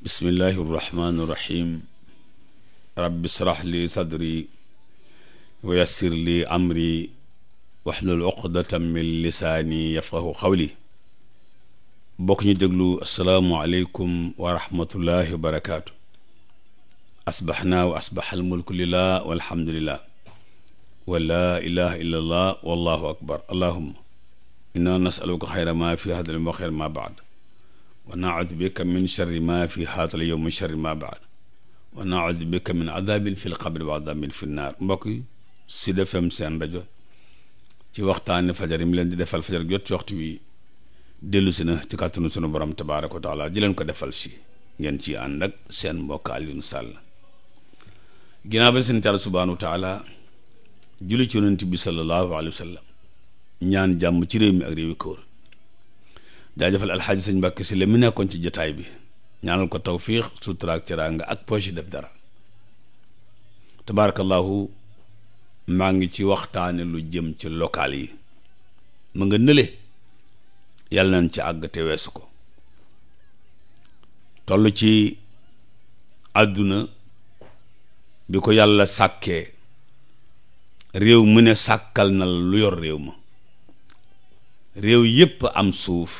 bismillahi irrahmaani irrahim rabbi israh li sadri wa yassir li amri waxlul uqdatan min lisaani yafqahu xawli bokk ñu déglu asalaamualeykum wa rahmatullahi wa barakaatu asbaxnaa wa asbax almulku lillah walhamdulillah wa laa ilaha illa allah wallahu akbar allahuma inna nasaluka xayra ma fi hada wa xayra ma baad wa naudu bika min sharri ma fi haatal yowm sharri ma baad wa naudu bika min adaabin fi lqabri wa adaabin fi naar mbokk yi Sud FM seen rajo ci waxtaani fajar yi mi leen di defal fajar jot ci waxtu wi dellu si na ci kàttanu sunu borom tabaaraka wa taala ji leen ko defal si ngeen ci ànd ak seen mbokk Alioune Sall ginnaaw ba seen taal subhaanahu wa taala ci yonent bi sallallahu alayhi wa ñaan jàmm ci réew mi ak réewi jaajëfal alxaaji sëñ Mbàkke si la mu nekkoon ci jataay bi ñaanal ko tawfiix sutura ak teraanga ak poche def dara tabaarakallaahu maa ngi ci waxtaane lu jëm ci local yi mu nga nële yàlla nañ ci àgg te weesu ko toll ci àdduna bi ko yàlla sàkkee réew mu ne sàkkal na lu yor réew ma réew yépp am suuf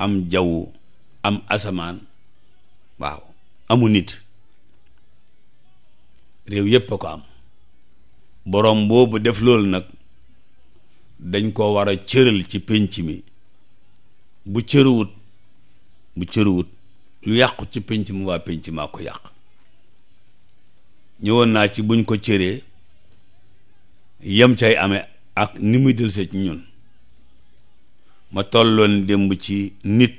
am jaww am asamaan waaw amu nit réew yépp a ko am boroom boobu def loolu nag dañ ko war a cëral ci pénc mi bu cëruwut bu cëruwut lu yàqu ci pénc mi waa pénc maa ko yàq ñëwoon naa ci buñ ko cëree yem cay ame ak ni muy dëlsee ci ñun ma tolloon démb ci nit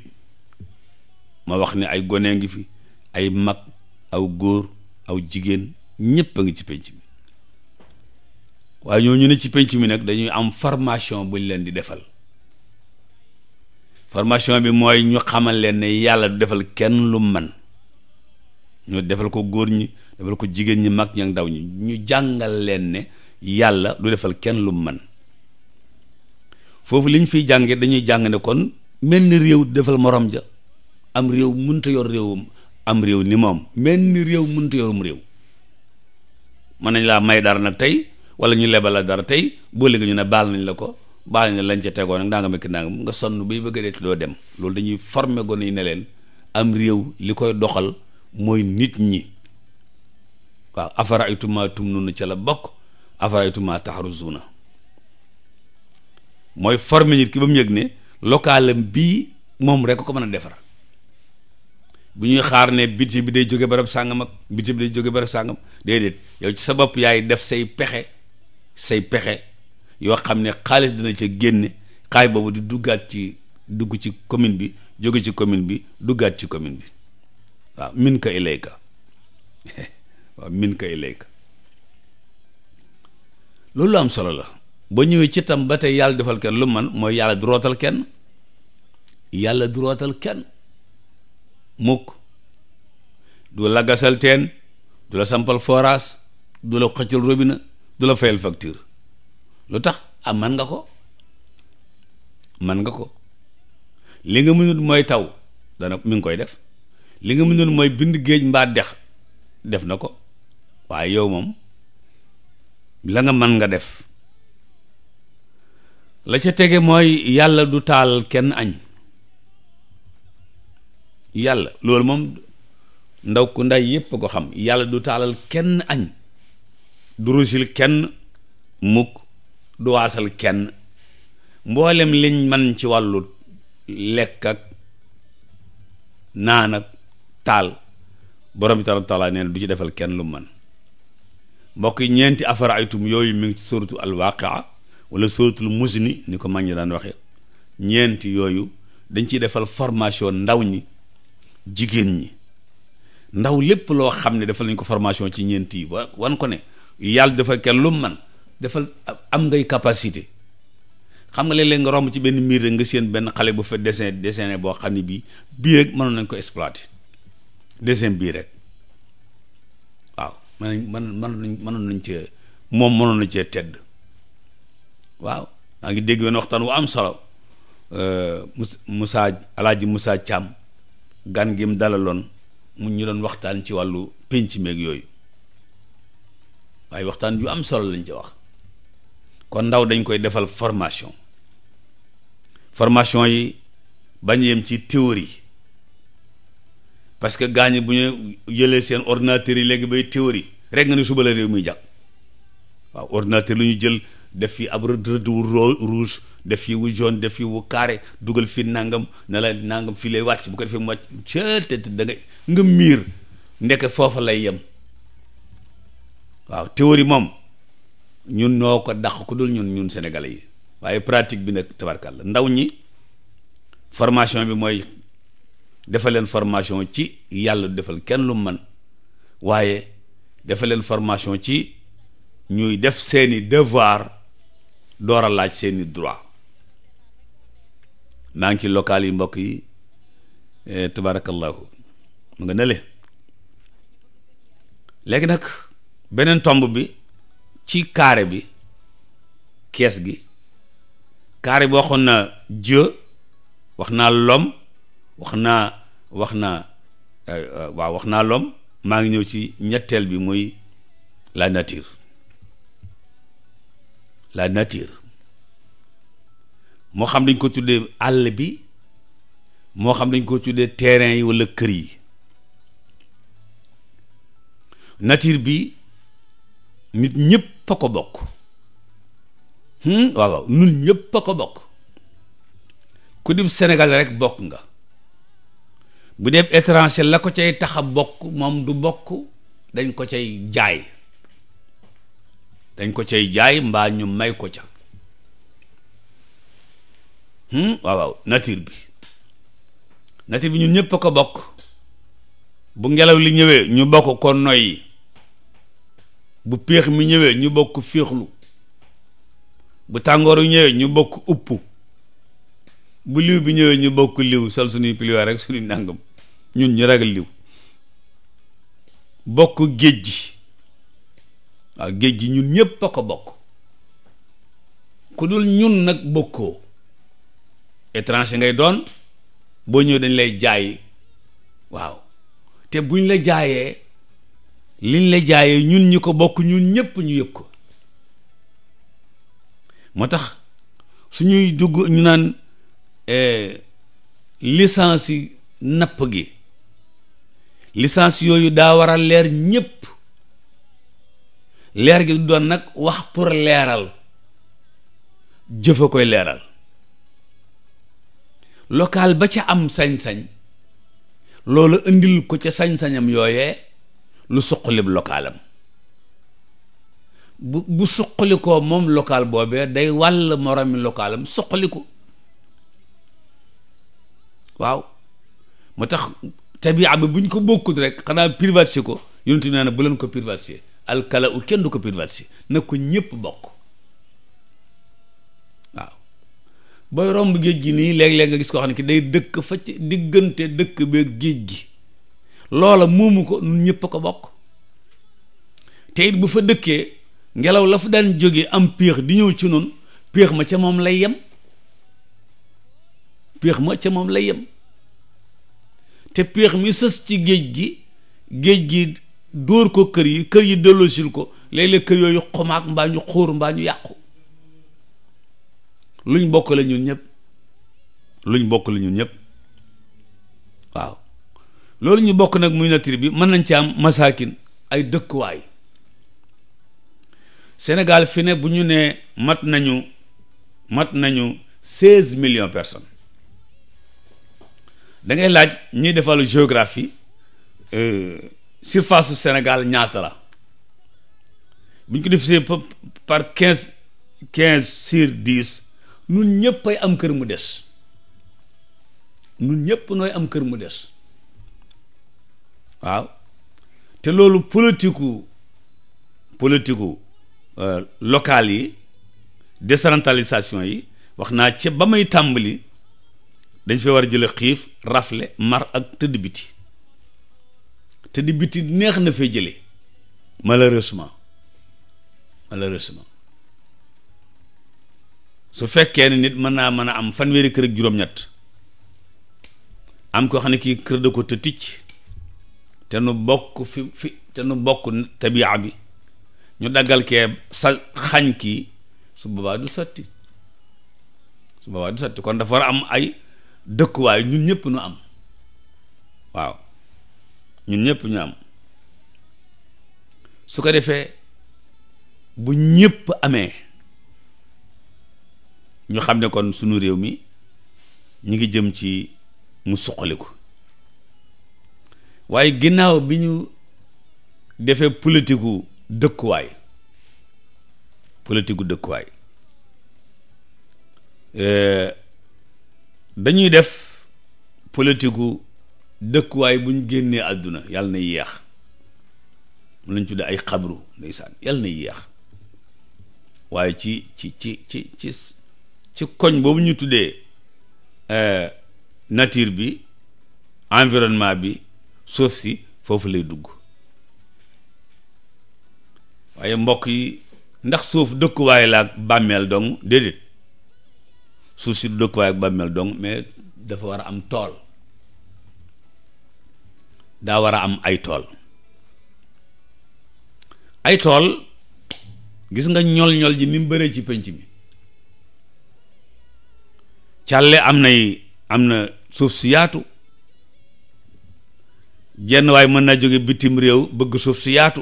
ma wax ni ay gone ngi fi ay mag aw góor aw jigéen ñépp a ngi ci penc mi waaye ñoo ñu ne ci penc mi nag dañuy am formation buñ leen di defal formation bi mooy ñu xamal leen ne yàlla defal kenn lu man ñu defal ko góor ko jigéen ñi mag ñi ak ñi ñu jàngal leen ne yàlla du defal kenn lu man foofu li ñu fiy jànge dañuy jàng ne kon menn réew defal morom ja am réew mënta yor réewum am réew ni moom menn réew mënta yorum réew mën nañ laa may dara nag tey wala ñu lebal la dara tey boo léegi ñu ne baal nañ la ko baal nañ lañ ca tegoon nag nga mekk ndangam nga sonnu bay bëgg a dee doo dem loolu dañuy former gone yi ne leen am réew li koy doxal mooy nit ñi waaw afara aytuma tumnuna ca la bokk afara aytuma taxruzuuna mooy forme nit ki ba mu yëg ne localam bii moom rek ko mën a defar bu ñuy xaar ne budget bi day jóge barab sàngam ak budget bi day jóge barab sàngam déedéet yow ci sa bopp yaay def say pexe say pexe yoo xam ne xaalis dina ca génne xaay boobu di duggaat ci dugg ci commune bi jóge ci commune bi duggaat ci commune bi waaw min ka ilayka min ka ilayka loolu am solo la ba ñëwee ci tam ba tey yàlla defal kenn lu man mooy yàlla du kenn yàlla du kenn mukk du la teen du la sampal forage du la xëccal robinet du la fayal facture lu tax ah man nga ko man nga ko li nga mënul mooy taw dana mi ngi koy def li nga mënul mooy bind géej mbaat dex def na ko waaye yow moom la nga man nga def la ca tege mooy yàlla du taal kenn añ yàlla loolu moom ndaw ku nday yépp ko xam yàlla du taalal kenn añ du rusil kenn mukk du waasal kenn mboolem liñ man ci wàllu lekk ak naan ak taal borom taala taala nee na du ci defal kenn lu man mbokk ñeenti afaraaytum yooyu mu ngi ci suuratu al waaqia wala suratul musni ni ko mag ñi daan waxee ñeenti yooyu dañ ciy defal formation ndaw ñi jigéen ñi ndaw lépp loo xam ne defal nañ ko formation ci ñeent yi ba wan ko ne yàlla dafa kenn lu man defal am ngay capacité xam nga léeg leen nga romb ci benn miir rek nga seen benn xale bu fa dessin dessiné boo xam ne bii bii rek mënoon nañ ko exploiter dessin bii rek waaw mën nañ mën mënoon nañ mënoon nañ cee moom mënoon na cee tedd waaw maa ngi dégg woon waxtaan wu am solo euh, Moussa alaaji Moussa Thiam gan gi mu dalaloon mu ñu doon waxtaan ci wàllu ci meeg yooyu waaye waxtaan yu am solo lañ ci wax kon ndaw dañ koy defal formation formation yi bañ yem ci théorie parce que gaañ bu ñu jëlee seen ordinateur yi léegi bay théorie rek nga ne suba la réew muy jàpp waaw ordinateur lu ñu jël def fii ab rëdd wu rouge def fii wu jaune def fi wu carré dugal fii nangam ne la nangam fii lay wàcc bu ko defee mu wàcc te da nga nga miir ndeke foofa lay yem waaw théorie moom ñun noo ko dàq ko dul ñun ñun sénégalais yi waaye pratique bi nag tabarkàlla ndaw ñi formation bi mooy defal leen formation ci yàlla defal kenn lu man waaye defal leen formation ci ñuy def seeni devoir door a laaj seeni droit maa ngi ci local yi mbokk yi eh, tabarakallahu mu nga nële léegi nag beneen tomb bi ci carré bi kees gi carré bi waxoon na Dieu wax naa lom wax naa wax naa eh, eh, waaw wax naa l'homme maa ngi ñëw ci ñetteel bi muy la nature la nature moo xam dañ ko tuddee àll bi moo xam dañ ko tuddee terrain yi walla kër yi nature bi nit ñëpp ko bokk hmm? waaw waaw nun ñëpp ko bokk ku dib Sénégal rek bokk nga bu dee étranger la ko cay taxa bokk moom du bokk dañ ko cay jaay dañ ko cay jaay mbaa ñu may ko ca hmm? waaw waaw bi nature bi ñun ñëpp a ko bokk bu ngelaw li ñëwee ñu bokk ko noyyi bu péex mi ñëwee ñu bokk féexlu bu bi ñëwee ñu bokk upp bu liw bi ñëwee ñu bokk liw sol suñuy piliwaar rek suñuy nàngam ñun ñu ragal liw bokk géej gi waaw géej gi ñun ñépp ko bokk ku dul ñun nag bokkoo étranger ngay doon boo ñëw dañ lay jaay waaw te buñ la jaayee liñ la jaayee ñun ñi ko bokk ñun ñépp ñu yëg ko moo tax suñuy dugg ñu naan eh, licence napp gi licence yooyu daa war a leer ñépp leer gi du doon nag wax pour leeral jëfa koy leeral local ba ca am sañ-sañ loolu indil ko ca sañ-sañam yooyee lu suqalib localam bu bu suqali moom local boobee day wàll moromi localam suqali ko waaw moo tax tabia bi bu ñu ko bokkut rek xanaa privatiser ko yonent bi nee bu leen ko privatiser alkala u kenn du ko perverti na ko ñépp bokk waaw booy romb géej gi nii léeg-léeg nga gis koo xam ne ki day dëkk fa ci diggante dëkk bee géej gi loola moomu ko ñépp a ko bokk te it bu fa dëkkee ngelaw la fa daan jóge am péex di ñëw ci noonu péex ma ca moom lay yem péex ma ca moom lay yem te péex mi sës ci géej gi géej gi dóor ko kër yi kër yi delloosil ko léeg-léeg kër yooyu xomaak mbaa ñu xóor mbaa ñu yàqu luñ bokk lañu ñun ñëpp luñ bokk lañu ñun ñëpp waaw loolu ñu bokk nag muy nature bi mën nañ ci am masaakin ay dëkkuwaay Sénégal fi ne bu ñu nee mat nañu mat nañu seize million personnes dangay laaj ñuy defalu géographie. Euh, surface Sénégal ñaata la bu ñu ko diffusé par quinze quinze sur dix nun ñëpp ay am kër mu des nun ñëpp nooy am kër mu des waaw te loolu politiku politiku euh, local yi décentralisation yi wax naa ca ba may tàmbali dañ fee war a jële xiif rafle mar ak tëdd biti te di biti neex na fee jële malheureusement malheureusement su fekkee ne nit mën naa mën a am fanweeri kër ak juróom-ñett am koo xam ne kii kër da ko te ticc te nu bokk fi fi te nu bokk tabiaa bi ñu daggal kee sa xañ kii su boobaa du sotti su boobaa du sotti kon dafa war a am ay dëkkuwaay ñun ñëpp nu am waaw ñun ñëpp ñu am su ko defee bu ñëpp amee ñu xam ne kon sunu réew mi ñu ngi jëm ci mu suqaliku waaye ginnaaw bi ñu defee politiku dëkkuwaay politiku dëkkuwaay euh, dañuy def politiku dëkkuwaay bu ñu génnee àdduna yàlla na yeex mu lañ tuddee ay xabru ndeysaan yal na yeex waaye ci ci ci ci ci ci koñ boobu ñu tuddee euh, nature bi environnement bi suuf si foofu lay dugg waaye mbokk yi ndax suuf dëkkuwaay la ak bàmmeel dong déedéet suuf si dëkkuwaay ak bàmmeel dong mais dafa war a am tool daa war a am ay tool ay tool gis nga ñol ñol ji ni mu bëree ci penc mi càlle am nay am na suuf si yaatu jenn waay mën na jóge bitim réew bëgg suuf si yaatu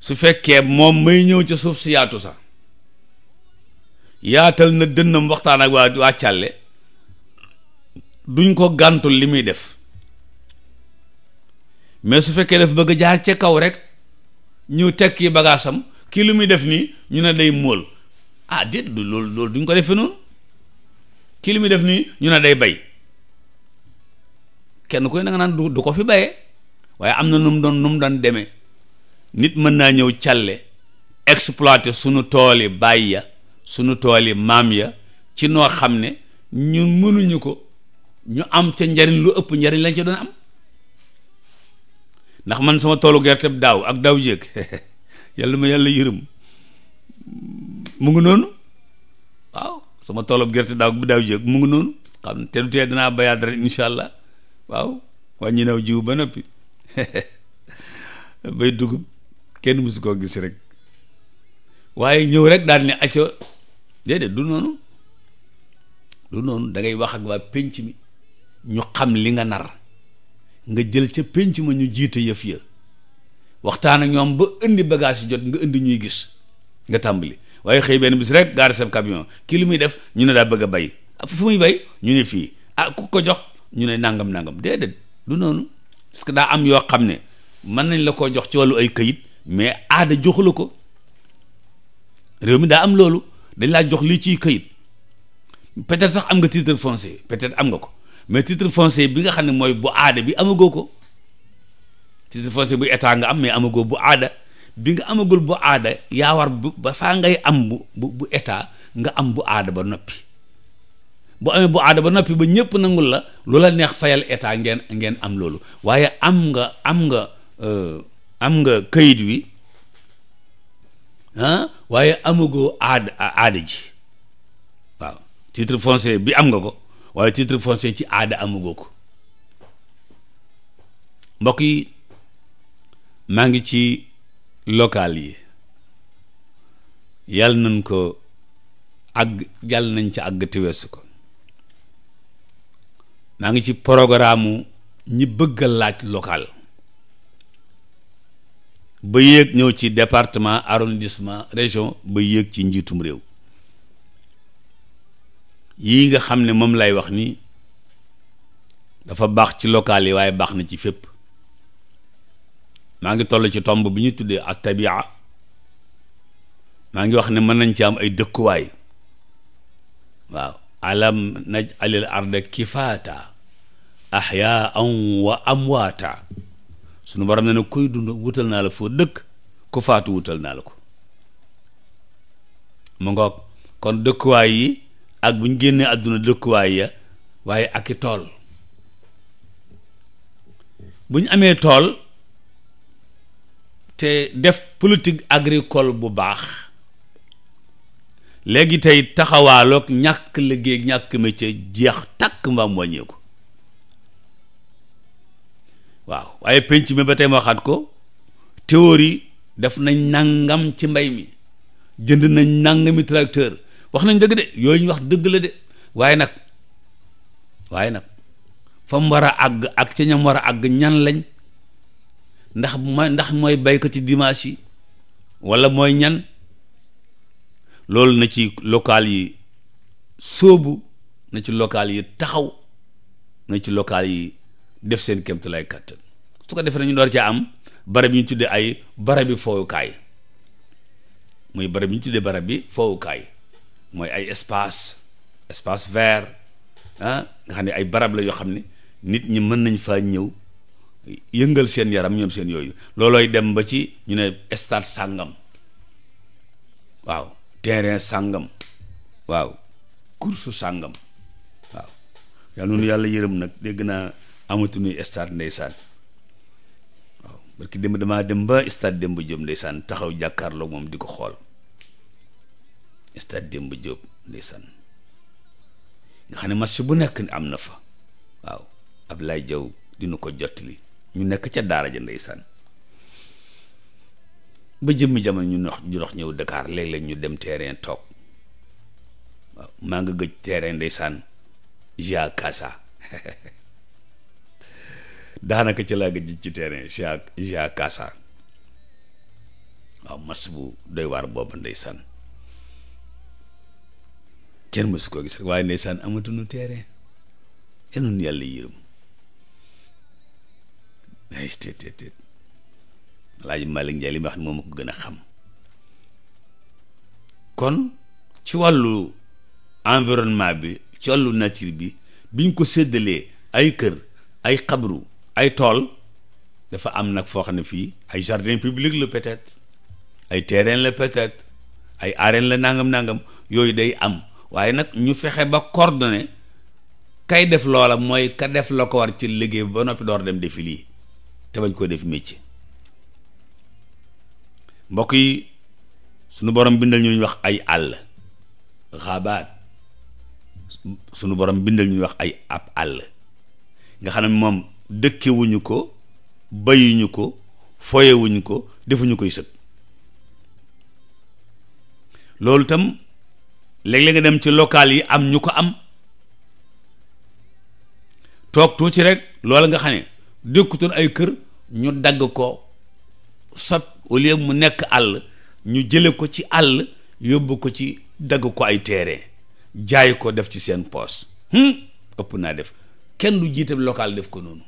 su fekkee moom may ñëw ca suuf si yaatu sax yaatal na dënnam waxtaan ak waa waa càlle duñ ko gàntul li muy def mais su fekkee daf bëgg jaar ca kaw rek ñu tekki bagaasam kii lu muy def nii ñu ne day móol ah di du loolu loolu duñ ko defee noonu kii li muy def nii ñu ne day bay kenn koy na nga naan du ko fi bayee waaye am na nu mu doon nu mu doon demee nit mën naa ñëw calle exploiter suñu tool yi ya sunu tool yi maam ya ci noo xam ne ñu mënuñu ko ñu am ca njariñ lu ëpp njariñ lañ ca doon am ndax man sama toolu gerte daaw ak daaw jéeg yàlla ma yàlla yërëm mu ngi noonu waaw sama toolu gerte daaw bu daaw jéeg mu ngi noonu xam te du tee danaa bayaat rek incha allah waaw wàññi naw jiw ba noppi bay dugub kenn musu koo gis rek waaye ñëw rek daal ne acca déedéet du noonu du noonu dangay ngay wax ak waa pénc mi ñu xam li nga nar nga jël ca pénc ma ñu jiite yëf ya waxtaan ak ñoom ba indi bagage jot nga indi ñuy gis nga tàmbali waaye xëy benn bis rek gaari sab camion kii li muy def ñu ne daa bëgg a bay ah fu muy bay ñu ne fii ah ku ko jox ñu ne nangam nangam déedéet du noonu parce que daa am yoo xam ne mën nañ la koo jox ci wàllu ay këyit mais aada joxu la ko réew mi daa am loolu dañ laa jox lii ciy këyit peut-être sax am nga titre foncier peut-être am nga ko mais titre foncier bi nga xam ne mooy bu aada bi amagoo ko titre foncier bu état nga am mais amagoo bu aada bi nga amagul bu aada yaa war ba faa ngay am bu bu nga am bu aada ba noppi bu amee bu aada ba noppi ba ñëpp nangul la lu la neex fayal état ngeen ngeen am loolu waaye am nga am nga euh, am nga këyit wi ah, waaye amagoo aada aada ji waaw titre foncier bi am nga ko waaye titre foncier ci aada amugoo ko mbokk yi maa ngi ci local yi yàlla nañ ko ak yàlla nañ ci àgg te weesu ko maa ngi ci programme ñi bëgga laaj local ba yéeg ñëw ci département arrondissement région ba yéeg ci njiitum réew yii nga xam ne moom lay wax ni dafa baax ci local yi waaye baax na ci fépp maa ngi toll ci tomb bi ñu tuddee ak tabia maa ngi wax ne mën nañ ci am ay dëkkuwaay waaw alam naj alil arda kifaata ahyaan wa amwaata sunu borom na ne kuy dund wutal naa la foo dëkk ku faatu wutal naa la ko mu ngoog kon dëkkuwaay yi ak bu ñu génnee àdduna dëkkuwaay ya waaye ak i tool bu ñu amee tool te def politique agricol bu baax léegi tey taxawaaloog ñàkk liggéey ñàkk métier jeex takk mbaam wàññeeku waaw waaye penc mi ba tey ma waxaat ko théorie def nañ nangam ci mbay mi jënd nañ nangami tracteur wax nañ dëgg de yooyu ñu wax dëgg la de waaye nag waaye nag fa mu war a àgg ak ca ñam war a àgg ñan lañ ndax ma ndax mooy baykat yi dimanche yi walla mooy ñan loolu na ci local yi sóobu na ci local yi taxaw na ci local yi def seen kémtu lay kàttan su ko defee nañu door ca am barab bi ñu tuddee ay barab yi foowukaay muy barab yi ñu tuddee barab yi foowukaay mooy ay espace espace vert ah, nga xam ne ay barab la yoo xam ne nit ñi mën nañ faa ñëw yëngal seen yaram ñoom seen yooyu loolooy dem ba ci ñu ne stade sàngam waaw terrain sàngam waaw course sàngam waaw yal yàlla yërëm nag dégg naa amatuñuy stade ndeysaan waaw parce que démb damaa dem ba dem ba jëm ndeysaan taxaw jàkkaarloo moom di ko xool stade Demba Diop ndeysaan nga xam ne match bu nekk am na fa waaw Ablaye Diaw dina ko jottali ñu nekk ca daara ja san ba jëmmi jaman ñu dox ñu dox ñëw Dakar léeg-léeg ñu dem terrain toog waaw maa nga gëj terrain ndeysaan Gia Kasa daanaka ci laa gëj ci terrain Gia Gia waaw match bu doy waar boobu ndeysaan kenn mësu koo gis rek waaye ndeysaan amatuñu terrain yal na yàlla yërëm ay teet teet teet Alaaji Malick Ndiaye li ma ko gën a xam kon ci wàllu environnement bi ci wàllu nature bi biñ ko séddalee ay kër ay xabru ay tool dafa am nag foo xam ne fii ay jardin public la peut-être ay terrain la peut ay arène la nangam-nangam yooyu day am waaye nag ñu fexe ba coordonné kay def loola mooy ka def la ko war ci liggéey ba noppi door dem defi lii te bañ koo def métier mbokk yi sunu borom bindal ñu ñu wax ay àll xaabaat sunu borom bindal ñu wax ay ab àll nga xam ne moom dëkkewuñu ko bayuñu ko foyewuñu ko defuñu koy sëg loolu tam léeg nga dem ci local yi am ñu ko am toog tuuti rek loolu nga xam ne dëkkutoon ay kër ñu dagg ko sot au lieu mu nekk àll ñu jële ko ci àll yóbbu ko ci dagg ko ay teere jaay ko def ci seen poos hmm? ëpp naa def kenn du jiite local def ko noonu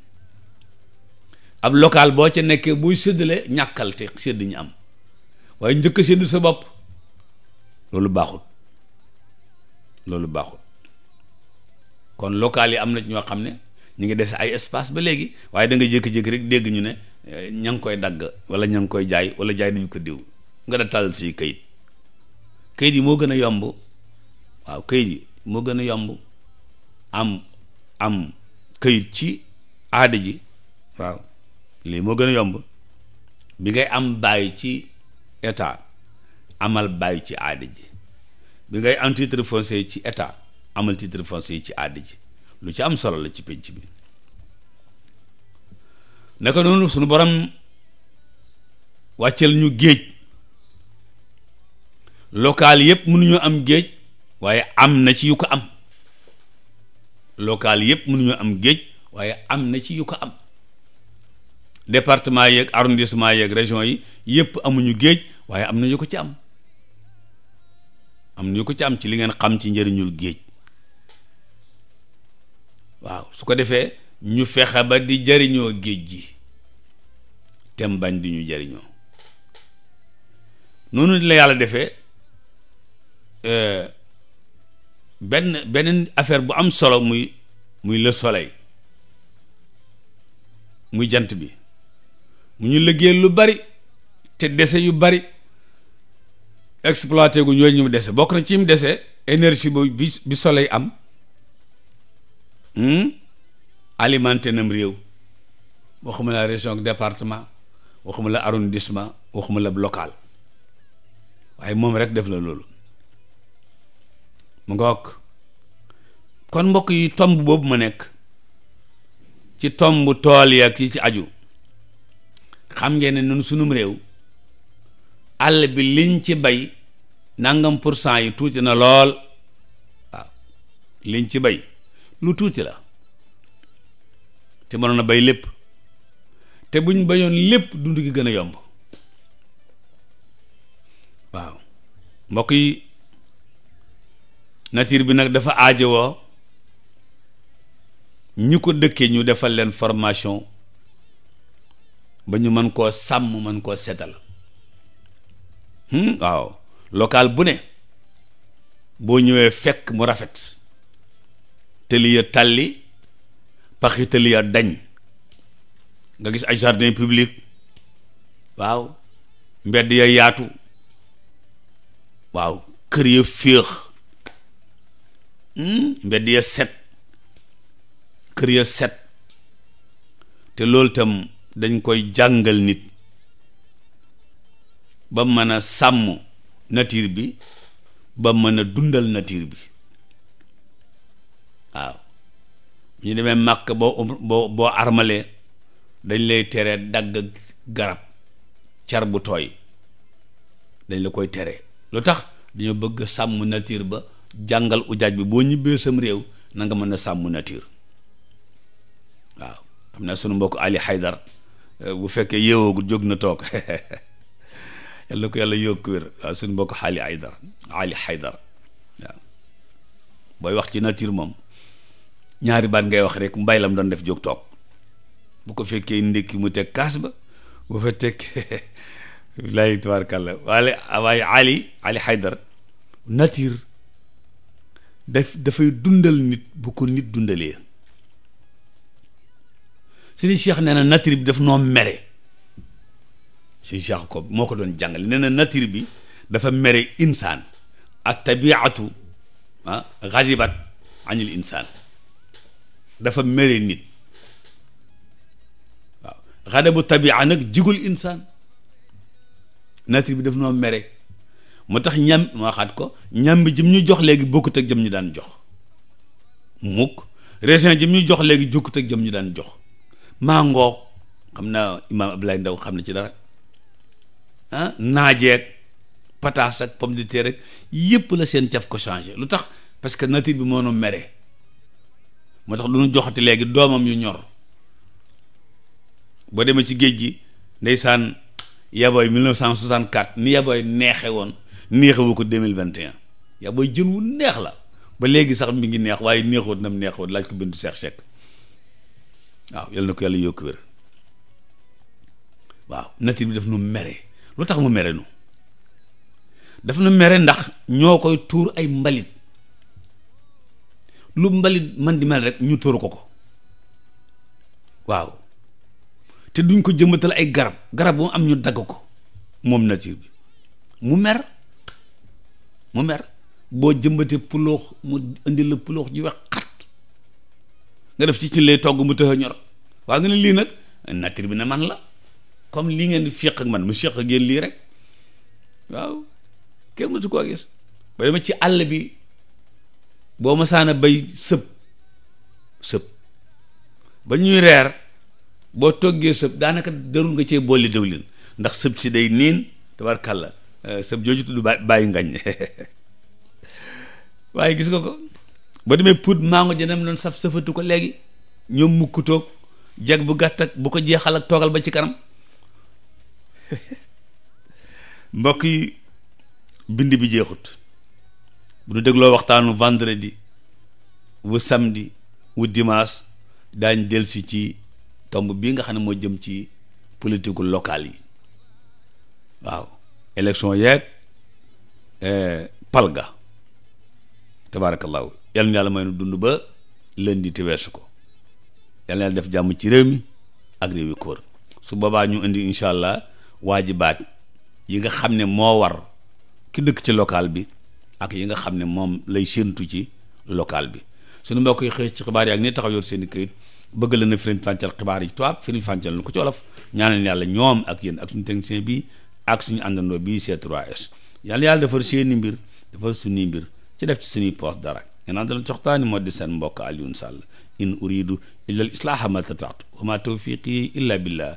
ab local boo ca nekkee buy séddale ñàkkal te sédd ñu am waaye njëkk sédd sa bopp loolu baaxut loolu baaxul kon local yi am na ci ñoo xam ne ñu ngi des ay espace ba léegi waaye da nga jékki rek dégg ñu ne eh, ña ngi koy dagg wala ña ngi koy jaay wala jaay nañu ko diw nga da tàll si kayit këyit yi moo gën a yomb waaw kayit yi moo gën a yomb am am këyit ci aada ji waaw lii moo gën a yomb bi ngay am bàyyi ci état amal bàyyi ci aada ji bi ngay am titre foncier ci état amal titre foncier ci àddi ji lu ci am solo la ci pénc bi naka noonu sunu borom wàccel ñu géej local yëpp mënuñu am géej waaye am na ci yu am local yëpp mënuñu am géej waaye am na ci yu ko am département yeeg arrondissement yeeg région yi yëpp amuñu géej waaye am na ñu ko ci am am ñu ko ci am ci li ngeen xam ci njëriñul géej waaw su ko defee ñu fexe ba di jariñoo géej gi tem bañ di ñu jariñoo noonu la yàlla defee euh, benn beneen affaire bu am solo muy muy le soleil muy jant bi mu ñu liggéey lu bari te dese yu bari exploité gu ñu mu dese bokk na ci mu dese énergie bi bi soleil am hmm? alimenté nam réew waxuma la région ak département waxuma la arrondissement waxuma la local waaye moom rek def la loolu mu ngoog kon mbokk yi tomb boobu ma nekk ci tomb tool yak yi ci aju xam ngeen ne ñun sunum réew àll bi liñ ci bay nangam pour cent yi tuuti na lool waaw liñ ci bay lu tuuti la te mënoon a bay lépp te buñ bayoon lépp dund gi gën a yomb waaw mbokk yi nature bi nag dafa aajowoo ñi ko dëkkee ñu defal leen formation ba ñu mën koo sàmm mën koo setal hmm? waaw local bu ne boo ñëwee fekk mu rafet tëli ya tàlli paxi tëli ya dañ nga gis ay jardin public waaw mbedd ya yaatu waaw kër ya féex hmm, mbedd ya set kër ya set te loolu tam dañ koy jàngal nit ba mën a sàmm nature bi ba mën a dundal nature bi waaw ñu demee màkk boo um, boo boo armalee dañ lay teree dagg garab car bu tooy dañ la koy tere lu tax dañoo bëgg sàmm nature ba jàngal ujaaj bi boo ñibbee sam réew nanga mën a sàmm natiir waaw xam naa sunu mbokk Ali Haydar eh, bu fekkee yeewoo jóg na toog yàlla ko yàlla yokk wér waaw suñ mbokk xaali Haydar xaali Haydar waaw booy wax ci nature moom ñaari baat ngay wax rek mbay lam doon def jóg toog bu ko fekkee ndékki mu teg kaas ba bu fa teg lay tubaarkàlla waaye ali Haydar nature daf dafay dundal nit bu ko nit dundalee Sëriñ Cheikh nee na nature bi daf noo mere ci si Jacob moo ko doon jàngale nee na nature bi dafa mere insaan ak tabiatu ah xadibat anil insaan dafa mere nit waaw xadabu tabia nag jigul insaan nature bi daf noo mere moo tax ñam moo xaat ko ñam bi jëm ñu jox léegi bokkut ak jëm ñu daan jox mukk raisin jëm ñu jox léegi jokkut ak ñu daan jox maa ngoog xam na imaam Abdoulaye Ndaw xam na ci dara Ah, naajeeg pataas ak pomme de terre rek yépp la seen caf ko changé lu tax parce que nature bi moo nu mere moo tax du nu joxati léegi doomam yu ñor boo demee ci géej gi ndeysaan soixante 1964 ni yaboy neexe woon neexewu ko 2021 yaboy jën wu neex la ba léegi sax mi ngi neex waaye neexoon nam neexoon laaj ko bindu seex seex waaw yal na ko yàlla yokk wér waaw nature bi def nu mere lu tax mu mere nu daf na mere ndax ñoo koy tuur ay mbalit lu mbalit man di mel rek ñu tuur ko ko waaw te duñ ko jëmbatal ay garab garab bu am ñu dagg ko moom nature bi mu mer mu mer boo jëmbatee puloox mu indi la puloox ji wax xat nga def ci ci lay togg mu tëx a ñor waaw nga ne lii nag nature bi ne man la comme lii ngeen fiq ak man mu fiq ak yéen lii rek waaw kenn mësu koo gis ba dama ci àll bi boo masaana bay sëb sëb ba ñuy reer boo toggee sëb daanaka darul nga cee boole dëwlin ndax sëb si day niin tabarkàlla euh, sëb jooju tudd bàyyi ngañ waaye gis nga ko ba demee puut maango jënam noonu saf sëfatu ko léegi ñoom toog jeg bu gàtt ak bu ko jeexal ak toogal ba ci kanam mbokk yi bind bi jeexut bu ñu dégloo waxtaanu vendredi wu samedi wu dimanche daañ delsi ci tomb bii nga xam ne moo jëm ci politique locale yi waaw élection yeeg eh, palga tabaarakallaahu yal na yàlla may nu dund ba leen di weesu ko yal na yàlla def jàmm ci réew mi ak réew yi kóor su boobaa ñu indi incha allah waajibaat yi nga xam ne moo war ki dëkk ci local bi ak yi nga xam ne moom lay séentu ci local bi suñu mbokk yi xëy ci xibaar yi ak ni taxaw yor seen i këyit bëgg la na firiñ fàncal xibaar yi tubaab firiñ fàncal lu ko ci wolof ñaanal yàlla ñoom ak yéen ak suñu technicien bi ak suñu àndandoo bii C3S yàlla yàlla defar seeni mbir defar suñuy mbir ci def ci suñuy poos dara ngeen àndal coxtaani moo di seen mbokk Alioune Sall in uridu illa al islaaha ma tataatu wa ma tawfiqi illa billah